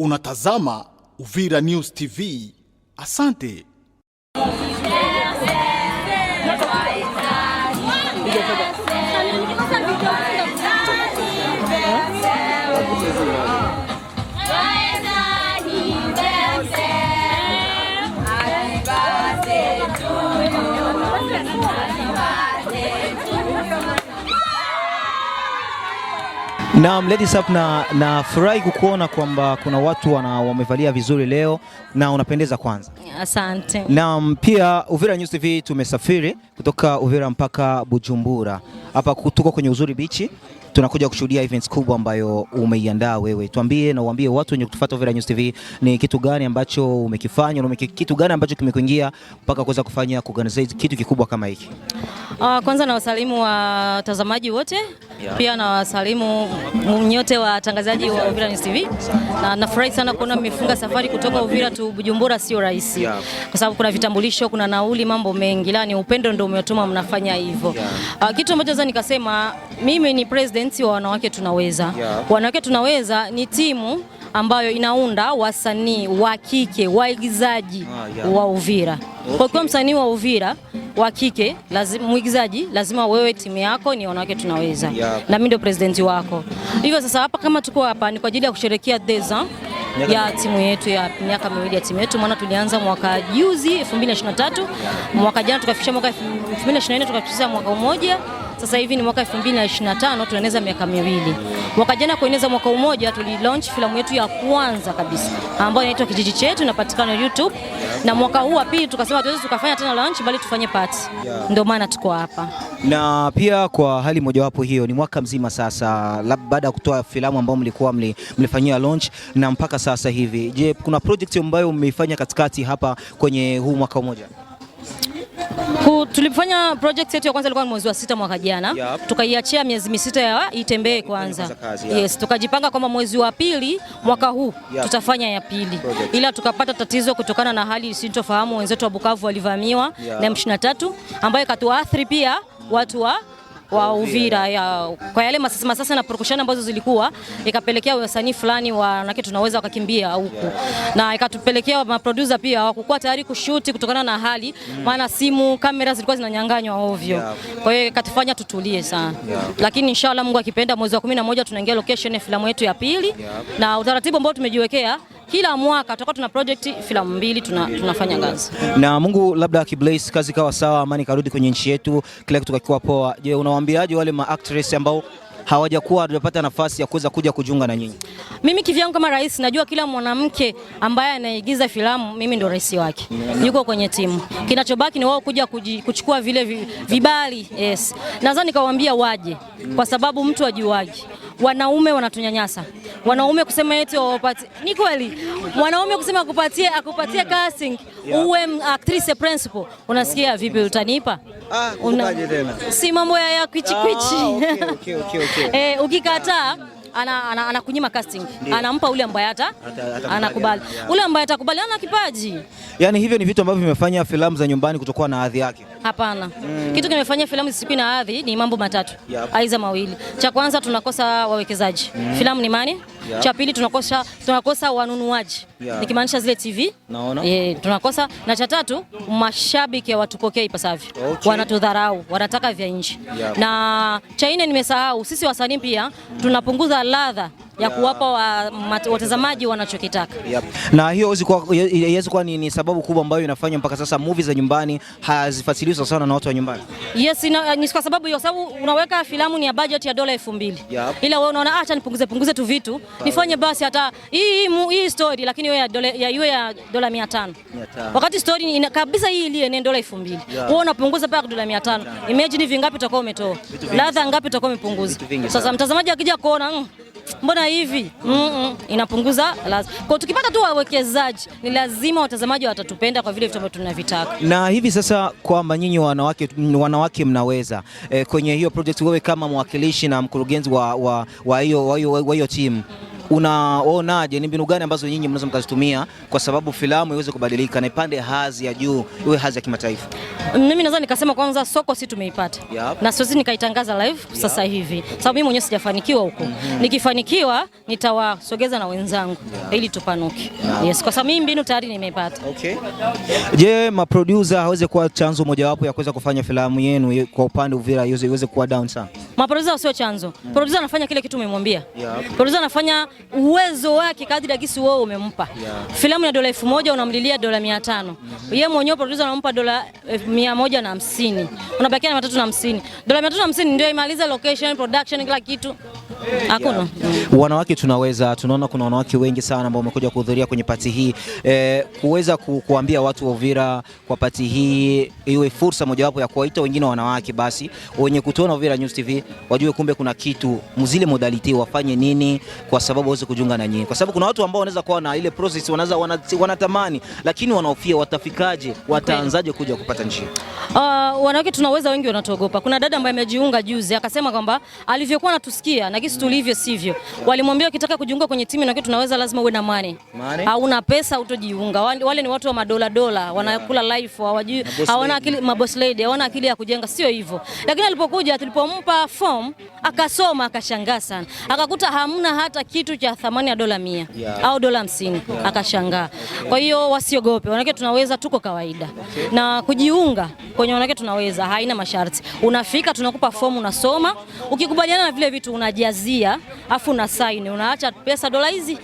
Unatazama Uvira News TV. Asante. Naam, Ladies Up na nafurahi kukuona kwamba kuna watu wana, wamevalia vizuri leo na unapendeza kwanza. Asante. Naam, pia Uvira News TV tumesafiri kutoka Uvira mpaka Bujumbura. Hapa tuko kwenye Uzuri Beach tunakuja kushuhudia events kubwa ambayo umeiandaa wewe. Tuambie na uambie watu wenye kutufuata Uvira News TV ni kitu gani ambacho umekifanya na kitu gani ambacho kimekuingia mpaka kuweza kufanya kuorganize kitu kikubwa kama hiki? Uh, kwanza na wasalimu watazamaji wote yeah. Pia na wasalimu nyote watangazaji wa Uvira News TV na nafurahi sana kuona mmefunga safari kutoka Uvira tu Bujumbura, sio rahisi yeah. Kwa sababu kuna vitambulisho, kuna nauli, mambo mengi, lani upendo ndio umetuma mnafanya hivyo yeah. Uh, kitu ambacho naweza nikasema mimi ni president events wa wanawake tunaweza, yeah. Wanawake tunaweza ni timu ambayo inaunda wasanii wa kike waigizaji ah, yeah. wa Uvira okay. Kwa kuwa msanii wa Uvira wa kike lazima, mwigizaji lazima wewe timu yako ni wanawake tunaweza yeah. na mimi ndio president wako. Hivyo sasa hapa kama tuko hapa ni kwa ajili ya kusherehekea deza ya timu yetu ya miaka miwili ya timu yetu, maana tulianza mwaka juzi 2023 mwaka jana tukafikisha mwaka 2024 tukafikisha mwaka mmoja sasa hivi ni mwaka 2025 tunaeneza miaka miwili. Mwaka jana kueneza mwaka mmoja tulilaunch filamu yetu ya kwanza kabisa ambayo inaitwa Kijiji Chetu, inapatikana YouTube, na mwaka huu wa pili tukasema tuweze tukafanya tena launch, bali tufanye party, ndio maana tuko hapa. Na pia kwa hali mojawapo hiyo, ni mwaka mzima sasa, labda baada ya kutoa filamu ambayo mlikuwa mlifanyia launch na mpaka sasa hivi, je, kuna project ambayo mmeifanya katikati hapa kwenye huu mwaka mmoja? Tulifanya project yetu ya kwanza ilikuwa mwezi wa sita mwaka jana yep. Tukaiachia miezi misita ya itembee kwanza, yep. Yes, tukajipanga kwamba mwezi wa pili mwaka huu yep. Tutafanya ya pili project. Ila tukapata tatizo kutokana na hali sintofahamu, wenzetu wa Bukavu walivamiwa yep. na M23 ambayo ikatuathiri pia watu wa wa Uvira ya, kwa yale masasa na prokushani ambazo zilikuwa ikapelekea wasanii fulani wanake tunaweza wakakimbia huku na ikatupelekea maproducer pia hawakuwa tayari kushuti kutokana na hali mm. maana mm. simu kamera zilikuwa zinanyang'anywa ovyo yeah. Kwa hiyo ikatufanya tutulie sana yeah. Lakini inshallah Mungu akipenda mwezi wa kumi na moja tunaingia location ya filamu yetu ya pili yeah. Na utaratibu ambao tumejiwekea kila mwaka tutakuwa tuna project filamu mbili tuna, tunafanya ngazi. Na Mungu labda akibless kazi kawa sawa, amani karudi kwenye nchi yetu, kila kitu kikiwa poa. Je, unawaambiaje wale ma actress ambao hawajakuwa wanapata nafasi ya kuweza kuja kujiunga na nyinyi? Mimi kivyangu kama rais, najua kila mwanamke ambaye anaigiza filamu mimi ndo rais wake, yuko kwenye timu. Kinachobaki ni wao kuja kuchukua vile vibali. Yes, nadhani nikawaambia waje, kwa sababu mtu ajuaje wanaume wanatunyanyasa. Wanaume kusema eti wapati, ni kweli mwanaume kusema akupatie akupatie casting uwe actress principal, unasikia vipi? Utanipa? Ah, una si mambo ya ya kwichi kwichi. Ah, okay, okay, okay, okay. Eh, ukikataa ana, ana, anakunyima casting, anampa ule ambaye hata anakubali ule ambaye atakubali ana kipaji. Yani hivyo ni vitu ambavyo vimefanya filamu za nyumbani kutokuwa na hadhi yake. Hapana. Mm. Kitu kimefanya filamu zisikuwe na hadhi ni mambo matatu, yep. Aiza mawili. Cha kwanza tunakosa wawekezaji. Mm. Filamu ni mani? Yep. Cha pili tunakosa tunakosa wanunuaji. Yep. Nikimaanisha zile TV. Naona. E, tunakosa na cha tatu mashabiki hawatupokea ipasavyo. Okay. Wanatudharau, wanataka vya nje. Yep. Na cha nne nimesahau, sisi wasanii pia hmm. tunapunguza salada. ya kuwapa wa, watazamaji wanachokitaka yep. Na hiyo iwezi kuwa ni, ni sababu kubwa ambayo inafanya mpaka sasa movie za nyumbani hazifuatiliwi sana na watu wa nyumbani. Yes, ina, ni kwa sababu hiyo, sababu unaweka filamu ni ya budget ya dola 2000. yep. Ila wewe unaona ah, acha nipunguze punguze tu vitu Bawe. nifanye basi hata hii hii story, lakini wewe ya dola ya iwe ya dola 500 500. wakati story ina, kabisa hii ile ni dola 2000. mbili wewe unapunguza paka dola 500 imagine vingapi utakao umetoa, ladha ngapi utakao umepunguza. Sasa mtazamaji akija kuona hmm, mbona hivi mm -mm. Inapunguza lazima kwa tukipata tu wawekezaji, ni lazima watazamaji watatupenda kwa vile vitu ambavyo tunavitaka. Na hivi sasa kwamba nyinyi wanawake, wanawake mnaweza e, kwenye hiyo project, wewe kama mwakilishi na mkurugenzi wa hiyo wa, wa wa wa timu mm -hmm unaonaje, ni mbinu gani ambazo nyinyi mnaweza mkazitumia kwa sababu filamu iweze kubadilika na ipande hadhi ya juu, iwe hadhi ya kimataifa? Mimi naweza nikasema kwanza, soko si tumeipata yep. na siwezi nikaitangaza live yep. sasa hivi sababu mimi mwenyewe sijafanikiwa huko mm -hmm. Nikifanikiwa nitawasogeza na wenzangu yep. ili tupanuke yep. Yes, kwa sababu mimi mbinu tayari nimeipata. Okay. Je, maproducer hawezi kuwa chanzo mojawapo ya kuweza kufanya filamu yenu kwa upande Uvira iweze kuwa down sana? Maproducer sio chanzo mm. Producer anafanya kile kitu umemwambia yep. Producer anafanya uwezo wake kadri gisi wewe umempa yeah. Filamu ya dola elfu moja unamlilia dola mia tano mm -hmm. Yeye mwenyewe producer anampa dola eh, mia moja na hamsini unabakia na matatu na hamsini dola mia tatu na hamsini ndio imaliza location, production, kila kitu hakuna yeah. yeah. Wanawake tunaweza tunaona kuna wanawake wengi sana ambao wamekuja kuhudhuria kwenye pati hii eh, kuweza ku, kuambia watu wa Uvira kwa pati hii iwe fursa mojawapo ya kuwaita wengine wanawake basi wenye kutuona Uvira News TV wajue kumbe kuna kitu muzile modality wafanye nini kwa sababu waweze kujiunga na nyinyi, kwa sababu kuna watu ambao wanaweza kuwa na ile process, wanaweza wanatamani, lakini wanahofia watafikaje, wataanzaje kuja kupata njia. Uh, wanawake tunaweza wengi wanatuogopa. Kuna dada ambaye amejiunga juzi akasema kwamba alivyokuwa anatusikia na kisi tulivyo sivyo, walimwambia ukitaka kujiunga kwenye timu na tunaweza, lazima uwe na mani, hauna pesa utojiunga. Wale ni watu wa madola dola, wanakula life, hawajui, hawana akili, maboss lady hawana akili ya kujenga, sio hivyo. Lakini alipokuja tulipompa form akasoma akashangaa sana, akakuta hamna hata kitu kitu cha thamani ya dola mia yeah. au dola hamsini yeah. akashangaa okay. Kwa hiyo wasiogope, wanawake tunaweza, tuko kawaida okay. na kujiunga kwenye wanawake tunaweza haina masharti, unafika tunakupa fomu unasoma, ukikubaliana na vile vitu unajazia, afu una sign unaacha pesa dola hizi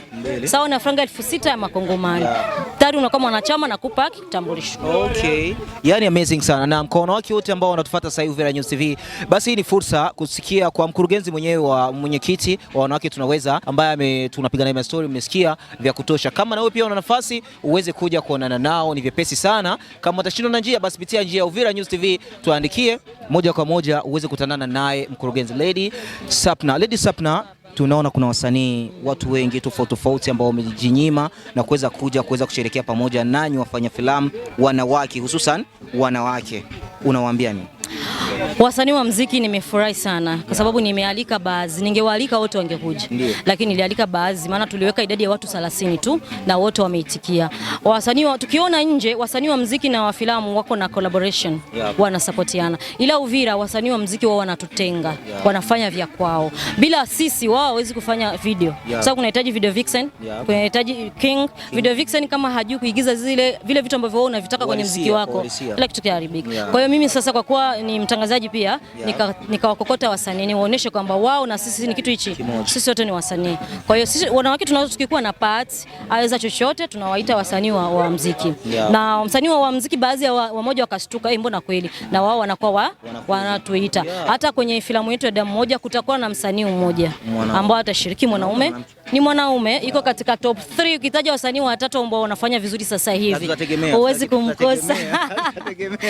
sawa na franga elfu sita ya makongomani yeah. tayari unakuwa mwanachama na kupa kitambulisho okay. Yani amazing sana, na kwa wanawake wote ambao wanatufuata sasa hivi Uvira News TV, basi hii ni fursa kusikia kwa mkurugenzi mwenyewe wa mwenyekiti wa wanawake tunaweza ambaye ambaye tunapiga naye story, umesikia vya kutosha. Kama wewe pia una nafasi uweze kuja kuonana nao, ni vyepesi sana. Kama utashindwa na njia, basi pitia njia ya Uvira News TV, tuandikie moja kwa moja uweze kutanana naye mkurugenzi Lady Sapna. Lady Sapna tunaona kuna wasanii watu wengi tofauti tofauti ambao wamejinyima na kuweza kuja kuweza kusherekea pamoja nanyi wafanya filamu wanawake, hususan wanawake, unawaambia nini? Wasanii wa mziki nimefurahi sana kwa sababu nimealika baadhi, ningewaalika wote wangekuja, lakini nilialika baadhi, maana tuliweka idadi ya watu 30 tu na wote wameitikia. Wasanii wa, tukiona nje wasanii wa mziki na wa filamu wako na collaboration yeah, wanasapotiana, ila Uvira wasanii wa mziki wao wanatutenga, yeah, wanafanya vya kwao bila sisi wao wao hawezi kufanya video yeah. Sababu so, kunahitaji video vixen yeah. Kunahitaji king. king video vixen kama hajui kuigiza zile vile vitu ambavyo wewe unavitaka kwenye muziki wako, kila kitu kiharibika yeah. Kwa hiyo mimi sasa kwa kuwa ni mtangazaji pia yeah. Nikawakokota nika wasanii niwaoneshe kwamba wao na sisi ni kitu hichi, sisi wote ni wasanii. Kwa hiyo sisi wanawake tunaweza tukikuwa na parts aweza chochote, tunawaita wasanii wa, wa muziki yeah. Na msanii wa, wa muziki baadhi ya wamoja wa wakashtuka, hey, eh, mbona kweli na wao wanakuwa wa, wanatuita yeah. Hata kwenye filamu yetu ya damu moja kutakuwa na msanii mmoja ambao atashiriki mwanaume ni mwanaume yuko katika top 3 ukitaja wasanii watatu ambao wanafanya vizuri sasa hivi huwezi kumkosa.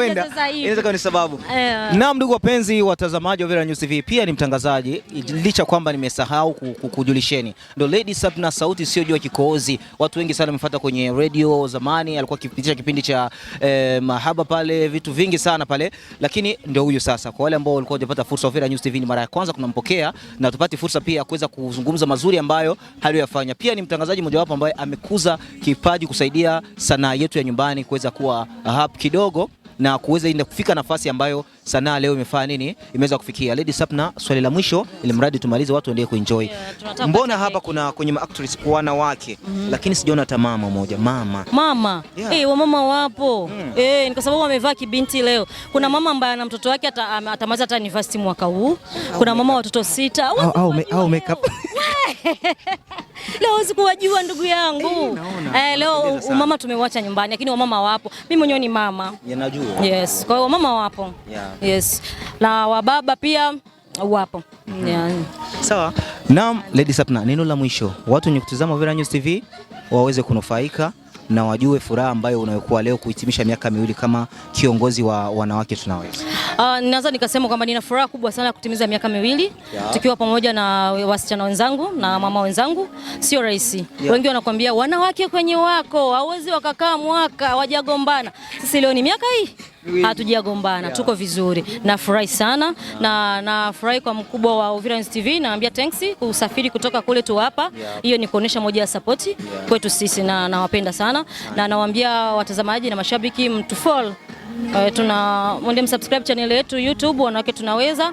Inaweza ni sababu. Eh. Naam, ndugu wapenzi watazamaji wa Vera News TV, pia ni mtangazaji, licha kwamba nimesahau kukujulisheni, Ndio Lady Sabna sauti sio jua kikoozi. Watu wengi sana wamefuata kwenye radio, zamani alikuwa akipitisha kipindi cha eh, mahaba pale, vitu vingi sana pale, lakini ndio huyu sasa. Kwa wale ambao walikuwa hawajapata fursa, wa Vera News TV ni mara ya kwanza kunampokea na tupate fursa pia kuweza kuzungumza mazuri ambayo aliyoyafanya. Pia ni mtangazaji mojawapo ambaye amekuza kipaji kusaidia sanaa yetu ya nyumbani kuweza kuwa hub kidogo na kuweza kufika nafasi ambayo sanaa leo imefanya nini, imeweza kufikia. Lady Sapna, swali la mwisho ili mradi tumalize, watu waendelee kuenjoy. Yeah, mbona hapa kuna kwenye actress wanawake mm -hmm. lakini sijaona hata mama moja mama mama yeah. Hey, wamama wapo mm. Hey, eh, ni kwa sababu wamevaa kibinti leo. Kuna mama ambaye ana mtoto wake atamaliza hata university mwaka huu, kuna mama watoto sita au au au makeup Leo sikuwajua ndugu yangu hey, eh, leo umama tumewacha nyumbani, lakini wamama wapo. Mimi mwenyewe ni mama, najua yes. Kwa hiyo wamama wapo yeah. Yes. Na wababa pia wapo. Mm. Yeah. Sawa. Naam, Lady Sapna, neno la mwisho watu wenye kutazama Vera News TV waweze kunufaika na wajue furaha ambayo unayokuwa leo kuhitimisha miaka miwili kama kiongozi wa wanawake tunaweza. Ah, uh, naweza nikasema kwamba nina furaha kubwa sana ya kutimiza miaka miwili yeah, tukiwa pamoja na wasichana wenzangu na mama wenzangu. Sio rahisi yeah. Wengi wanakuambia wanawake kwenye wako hawezi wakakaa mwaka wajagombana. Sisi leo ni miaka hii hatujagombana, tuko vizuri. Nafurahi sana na nafurahi kwa mkubwa wa Uvira TV, naambia thanks kusafiri kutoka kule tu hapa, hiyo ni kuonesha moja ya support kwetu sisi, na nawapenda sana na nawaambia watazamaji na mashabiki mtu follow Uh, tuna mwende msubscribe channel yetu YouTube Wanawake Tunaweza.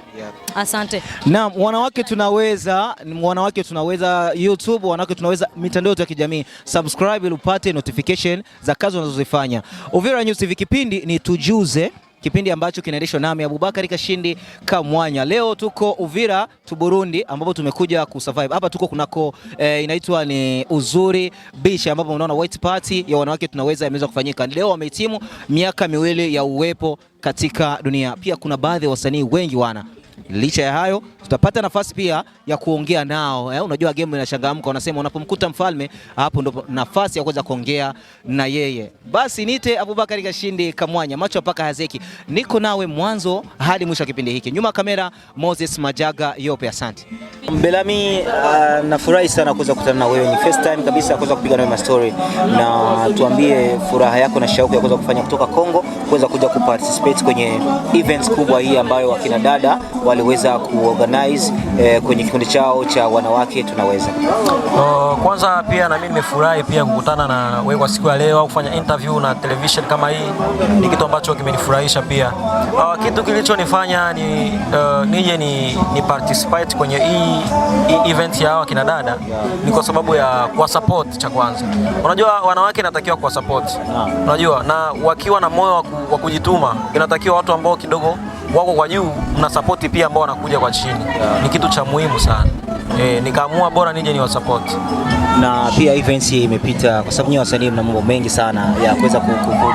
Asante. Naam, Wanawake Tunaweza, Wanawake Tunaweza YouTube, Wanawake Tunaweza mitandao ya kijamii. Subscribe ili upate notification za kazi unazozifanya. Uvira News TV, kipindi ni tujuze kipindi ambacho kinaendeshwa nami Abubakari Kashindi Kamwanya. Leo tuko Uvira tu Burundi, ambapo tumekuja kusurvive hapa. Tuko kunako e, inaitwa ni Uzuri Beach, ambapo unaona white party ya wanawake tunaweza imeweza kufanyika leo. Wamehitimu miaka miwili ya uwepo katika dunia. Pia kuna baadhi ya wasanii wengi wana Licha ya hayo, tutapata nafasi pia ya kuongea nao eh. Unajua game inachangamka, wanasema unapomkuta mfalme, hapo ndo nafasi ya kuweza kuongea na yeye. Basi nite Abubakari Kashindi Kamwanya, macho mpaka hazeki, niko nawe mwanzo hadi mwisho wa kipindi hiki. Nyuma kamera Moses Majaga Yope, asante mbelami Uh, nafurahi sana kuweza kukutana na wewe, ni first time kabisa kuweza kupiga nawe story, na tuambie furaha yako na shauku ya kuweza kufanya kutoka Kongo kuweza kuja kuparticipate kwenye events kubwa hii ambayo wakina dada wa waliweza kuorganize eh, kwenye kikundi chao cha wanawake tunaweza. Uh, kwanza pia na mimi nimefurahi pia kukutana na wewe kwa siku ya leo au kufanya interview na television kama hii ni kitu ambacho kimenifurahisha pia. Uh, kitu kilichonifanya ni uh, nije ni, ni participate kwenye hii event ya hawa kina dada ni kwa sababu ya kwa support cha kwanza. Unajua wanawake natakiwa kwa support. Unajua na wakiwa na moyo wa kujituma inatakiwa watu ambao kidogo wako kwa juu, mna support pia ambao wanakuja kwa chini yeah. Ni kitu cha muhimu sana e, nikaamua bora nije support. na pia events hii imepita kwa sababu nyinyi wasanii mna mambo mengi sana ya kuweza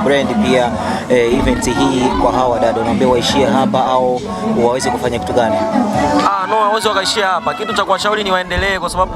brand pia e, event hii kwa hawa wadada, unaambia waishie hapa au waweze kufanya kitu gani? Ah, no, waweze wakaishia hapa. Kitu cha kuwashauri ni waendelee kwa sababu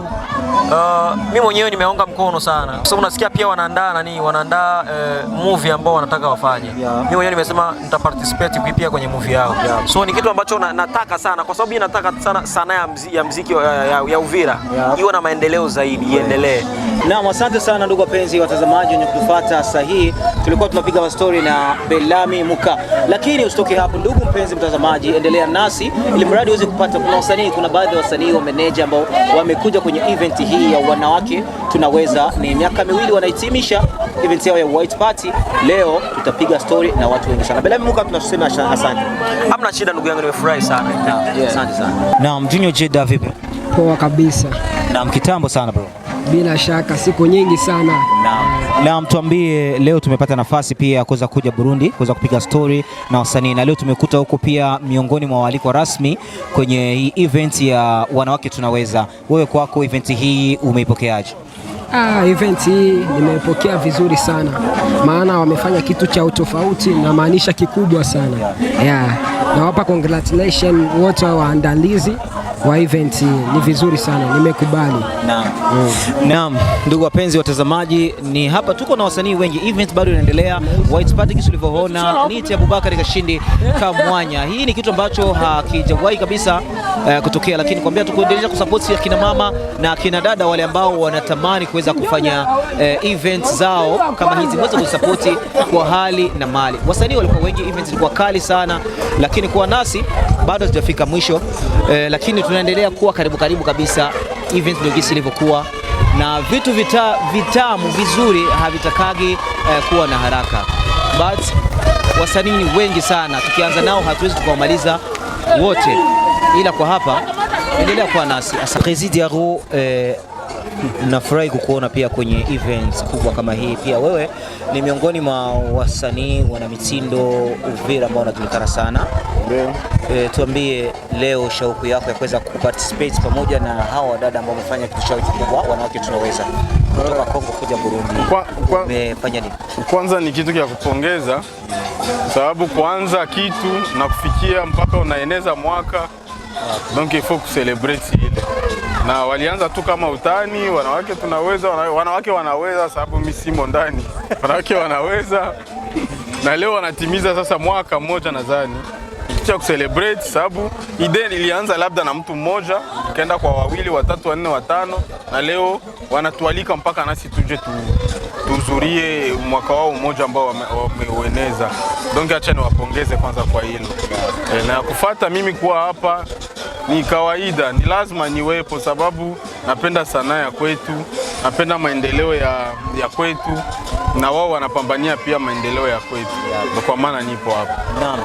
Uh, mimi mwenyewe nimeonga mkono sana kwa sababu nasikia pia wanaandaa nani, wanaandaa uh, movie ambao wanataka wafanye yeah. Mimi mwenyewe nimesema nita participate pia kwenye movie yao yeah. So ni kitu ambacho na, nataka sana kwa sababu nataka sana sanaa ya, mzi, ya mziki ya, uh, ya, ya Uvira yeah. Iwe na maendeleo zaidi yeah. Iendelee. Naam, asante sana ndugu wapenzi watazamaji wenye kutufuata saa hii, tulikuwa tunapiga story na Belami Muka, lakini usitoke hapo ndugu mpenzi mtazamaji, endelea nasi ili mradi uweze kupata. Kuna wasanii, kuna baadhi ya wasanii wa manager ambao wamekuja kwenye event event hii ya wanawake tunaweza, ni miaka miwili wanahitimisha event yao ya White Party. Leo tutapiga story na watu wengi sana. Bila Mungu tunasema asante. Hamna shida ndugu yangu, nimefurahi sana. Asante sana. Naam, Junior Jeda vipi? Poa kabisa. Naam, kitambo sana bro. Bila shaka siku nyingi sana. Na mtuambie, leo tumepata nafasi pia ya kuweza kuja Burundi kuweza kupiga stori na wasanii, na leo tumekuta huko pia miongoni mwa waalikwa rasmi kwenye hii event ya wanawake tunaweza. Wewe kwako event hii umeipokeaje? Ah, event hii nimepokea vizuri sana, maana wamefanya kitu cha utofauti na maanisha kikubwa sana yeah. Nawapa congratulation wote waandalizi wa event ni vizuri sana, nimekubali. Naam. Mm. Naam, ndugu wapenzi watazamaji, ni hapa tuko na wasanii wengi, event bado inaendelea. White Party kisi ulivyoona niti Abubakar Kashindi Kamwanya, hii ni kitu ambacho hakijawahi kabisa uh, kutokea, lakini kuambia tu kuendelea kusupport akina mama na akina dada wale ambao wanatamani kuweza kufanya uh, events zao kama hizi, mweze kusupport kwa hali na mali. Wasanii walikuwa wengi, event ilikuwa kali sana, lakini kuwa nasi bado hazijafika mwisho eh, lakini tunaendelea kuwa karibu karibu kabisa event ndio jinsi ilivyokuwa, na vitu vita, vitamu vizuri havitakagi eh, kuwa na haraka, but wasanii wengi sana, tukianza nao hatuwezi tukawamaliza wote, ila kwa hapa endelea kuwa nasi. Président Yaro eh, nafurahi kukuona pia kwenye events kubwa kama hii. Pia wewe ni miongoni mwa wasanii wana mitindo Uvira ambao wanajulikana sana yeah. E, tuambie leo shauku yako ya kuweza kuparticipate pamoja na hawa wadada ambao wamefanya kitu chao kikubwa, wanawake tunaweza kutoka Kongo kuja Burundi. Umefanya nini? Kwanza ni kitu cha kupongeza, sababu kuanza kitu na kufikia mpaka unaeneza mwaka, donc il faut que celebrate ile na walianza tu kama utani, wanawake tunaweza, wanawake wanaweza, sababu mimi simo ndani, wanawake wanaweza na leo wanatimiza sasa mwaka mmoja nadhani cha kucelebrate, sababu idea ilianza labda na mtu mmoja ikaenda kwa wawili, watatu, wanne, watano, na leo wanatualika mpaka nasi tuje tu tuzurie mwaka wao mmoja ambao wameueneza. Donge, acha niwapongeze kwanza kwa hilo e, na kufuata mimi kuwa hapa ni kawaida, ni lazima niwepo, sababu napenda sanaa ya kwetu, napenda maendeleo ya, ya kwetu na wao wanapambania pia maendeleo ya kwetu, yeah. kwa maana nipo hapa. Naam.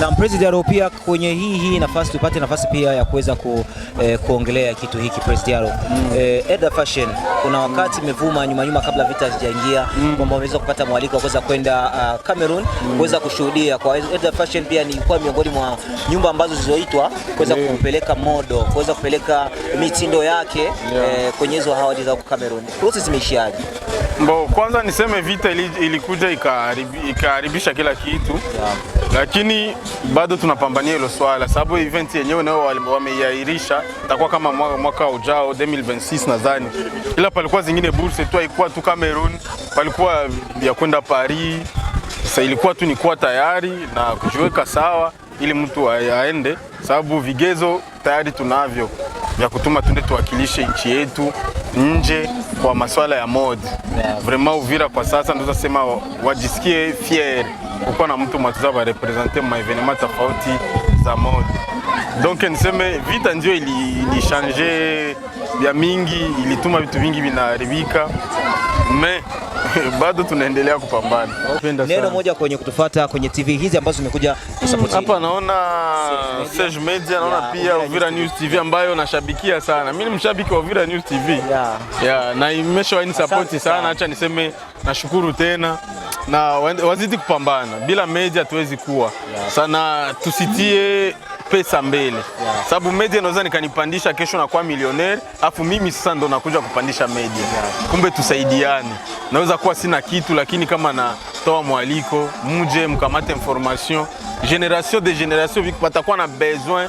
Na President pia kwenye hii hii nafasi tupate nafasi pia ya kuweza ku, eh, kuongelea kitu hiki President mm. Eh, Edda Fashion kuna wakati imevuma mm. nyuma nyuma kabla vita hazijaingia mm. kwamba wameweza kupata mwaliko wa kuweza kwenda uh, Cameroon mm. kuweza kushuhudia kwa Edda Fashion, pia ni kwa miongoni mwa nyumba ambazo zilizoitwa kuweza yeah. kumpeleka modo kuweza kupeleka mitindo yake yeah. eh, kwenye hizo hawadi za Cameroon. Process imeishiaje? Bo, kwanza niseme vita ilikuja ikaharibisha kila kitu yeah. Lakini bado tunapambania hilo swala sababu event yenyewe nao wameiahirisha, itakuwa kama mwaka, mwaka ujao 2026 nadhani, ila palikuwa zingine burse tu, haikuwa tu Cameroon, palikuwa ya kwenda Paris. Sasa ilikuwa tu ni kuwa tayari na kujiweka sawa ili mtu aende, sababu vigezo tayari tunavyo vya kutuma tuende tuwakilishe nchi yetu nje kwa masuala ya mode yeah. Vraiment Uvira kwa sasa ndio tunasema wajisikie fier kukuwa na mtu mwatuza ba representer ma evenement tofauti za mode. Donc niseme vita ndio ilishange ili vya mingi, ilituma vitu vingi vinaharibika me bado tunaendelea kupambana. Neno moja kwenye kutufuata kwenye TV hizi ambazo zimekuja kusupport hapa, naona Sage Media, naona pia Uvira News TV ambayo nashabikia sana. Mimi ni mshabiki wa Uvira News TV yeah, yeah, na imeshawaini support sana. Acha niseme nashukuru tena na wazidi kupambana. Bila media hatuwezi kuwa yeah. Sana tusitie pesa mbele yeah. Sababu media inaweza nikanipandisha kesho na kuwa milioneri, afu mimi sasa ndo nakuja kupandisha media yeah. Kumbe tusaidiane, naweza kuwa sina kitu, lakini kama natoa mwaliko, muje mkamate information. Generation de generation watakuwa na besoin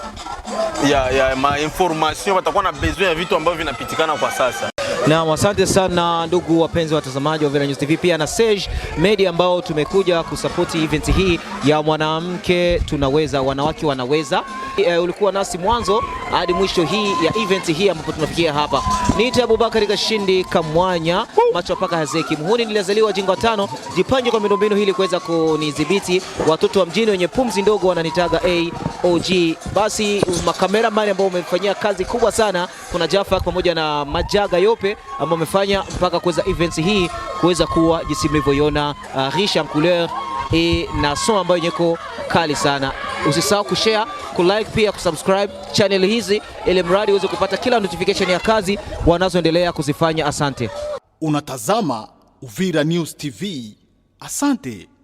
ya, ya ma information, watakuwa na besoin ya vitu ambavyo vinapitikana kwa sasa. Na asante sana ndugu wapenzi wa watazamaji wa Uvira News TV, pia na Sage Media ambao tumekuja kusapoti event hii ya mwanamke tunaweza, wanawake wanaweza. E, ulikuwa nasi mwanzo hadi mwisho hii ya event hii ambapo tunafikia hapa. Niite Abubakar Kashindi Kamwanya macho paka hazeki muhuni, nilizaliwa jingo tano jipange kwa miundombinu hili kuweza kunidhibiti. Watoto wa mjini wenye pumzi ndogo wananitaga AOG. Basi makamera mbali ambao umefanyia kazi kubwa sana, kuna Jafa pamoja na Majaga Yope ambao amefanya mpaka kuweza events hii kuweza kuwa jinsi mlivyoiona, uh, riche en couleur e, na somo ambayo nyeko kali sana. Usisahau kushare, kulike pia kusubscribe channel hizi, ili mradi uweze kupata kila notification ya kazi wanazoendelea kuzifanya. Asante, unatazama Uvira News TV. Asante.